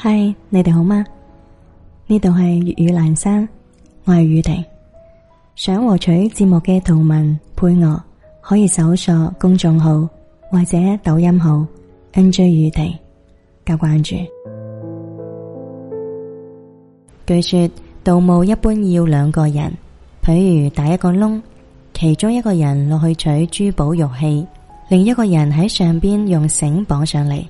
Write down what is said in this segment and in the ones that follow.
嗨，Hi，你哋好嗎？呢度係粵語闌珊，我係雨婷。想獲取節目嘅圖文配樂，可以搜索公眾號或者抖音號 N J 雨婷加關注。據說盜墓一般要兩個人，譬如打一個窿，其中一個人落去取珠寶玉器，另一個人喺上邊用繩綁上嚟。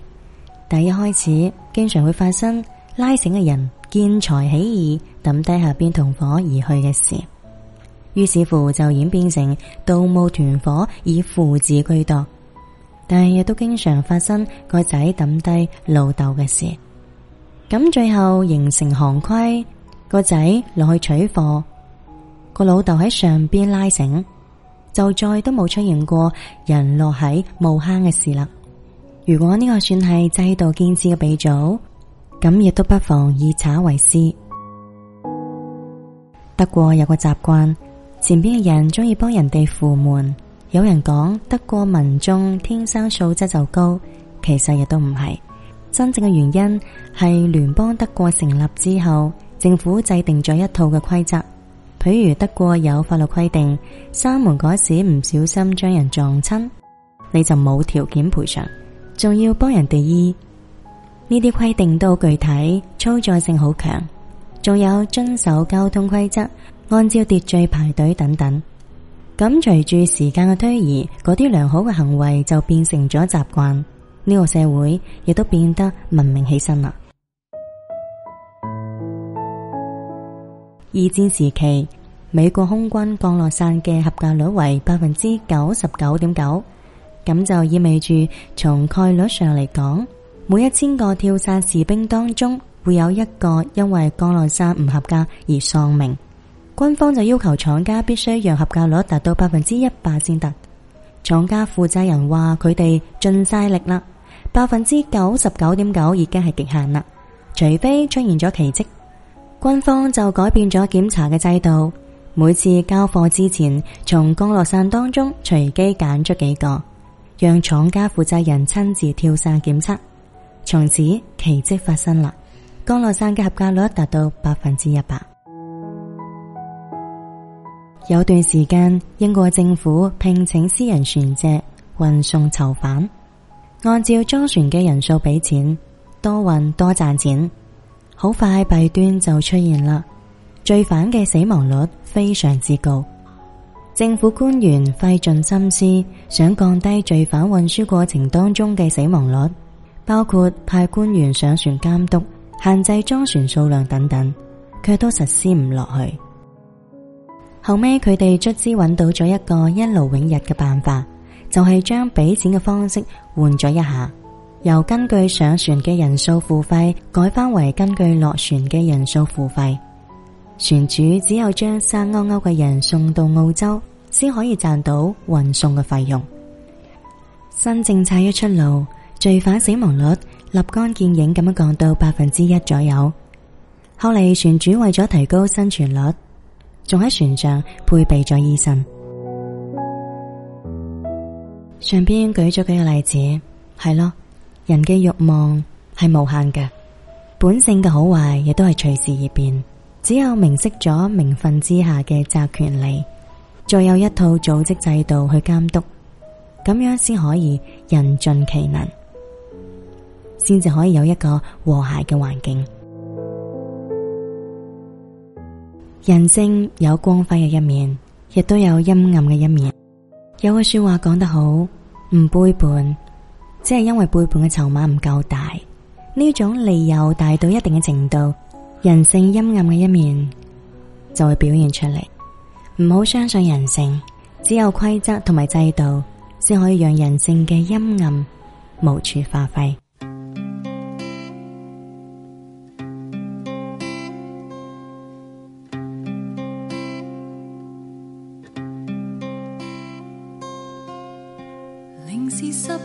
第一開始，經常會發生拉繩嘅人見財起意抌低下邊同伙而去嘅事，於是乎就演變成盜墓團伙以父子居多，但係亦都經常發生個仔抌低老豆嘅事，咁最後形成行規，個仔落去取貨，個老豆喺上邊拉繩，就再都冇出現過人落喺墓坑嘅事啦。如果呢個算係制度建制嘅鼻祖，咁亦都不妨以查為師。德國有個習慣，前邊嘅人中意幫人哋扶門。有人講德國民眾天生素質就高，其實亦都唔係。真正嘅原因係聯邦德國成立之後，政府制定咗一套嘅規則。譬如德國有法律規定，閂門嗰時唔小心將人撞親，你就冇條件賠償。仲要幫人哋醫，呢啲規定都具體，操作性好強。仲有遵守交通規則，按照秩序排隊等等。咁隨住時間嘅推移，嗰啲良好嘅行為就變成咗習慣，呢個社會亦都變得文明起身啦。 二戰時期，美國空軍降落傘嘅合格率為百分之九十九點九。咁就意味住，從概率上嚟講，每一千個跳傘士兵當中會有一個因為降落傘唔合格而喪命。軍方就要求廠家必須讓合格率達到百分之一百先得。廠家負責人話：佢哋盡晒力啦，百分之九十九點九已經係極限啦，除非出現咗奇跡。軍方就改變咗檢查嘅制度，每次交貨之前從降落傘當中隨機揀出幾個。讓廠家負責人親自跳傘檢測，從此奇蹟發生啦！降落傘嘅合格率達到百分之一百。 有段時間，英國政府聘請私人船隻運送囚犯，按照裝船嘅人數俾錢，多運多賺錢。好快弊端就出現啦，罪犯嘅死亡率非常之高。政府官員費盡心思想降低罪犯運輸過程當中嘅死亡率，包括派官員上船監督、限制裝船數量等等，卻都實施唔落去。後尾，佢哋卒之揾到咗一個一勞永逸嘅辦法，就係將俾錢嘅方式換咗一下，由根據上船嘅人數付費，改返為根據落船嘅人數付費。船主只有將生勾勾嘅人送到澳洲，先可以賺到運送嘅費用。新政策一出爐，罪犯死亡率立竿見影咁樣降到百分之一左右。後嚟，船主為咗提高生存率，仲喺船上配備咗醫生。 上邊舉咗幾個例子，係咯，人嘅欲望係無限嘅，本性嘅好壞亦都係隨時而變。只有明晰咗名分之下嘅責權利，再有一套組織制度去監督，咁樣先可以人盡其能，先至可以有一個和諧嘅環境。人性有光輝嘅一面，亦都有陰暗嘅一面。有句說話講得好：唔背叛，只係因為背叛嘅籌碼唔夠大。呢種理由大到一定嘅程度。人性陰暗嘅一面就會表現出嚟，唔好相信人性，只有規則同埋制度先可以讓人性嘅陰暗無處發揮。零時十分，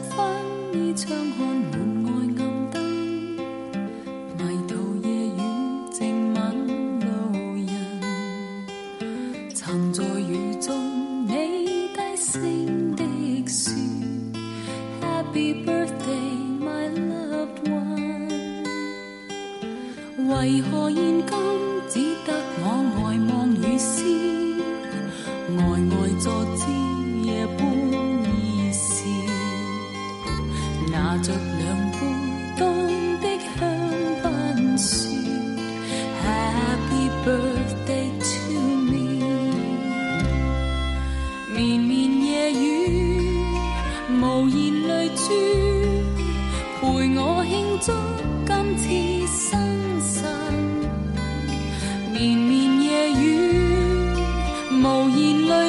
倚窗看為何現今只得我呆望雨絲，呆呆坐至夜半。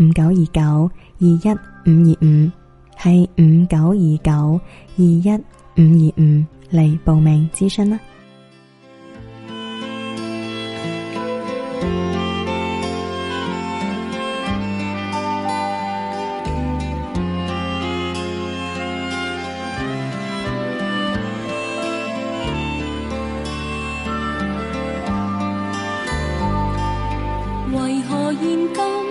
五九二九二一五二五，係五九二九二一五二五嚟報名諮詢啦。為何現今？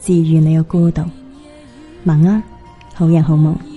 治癒你嘅孤獨，晚安啊，好人好夢。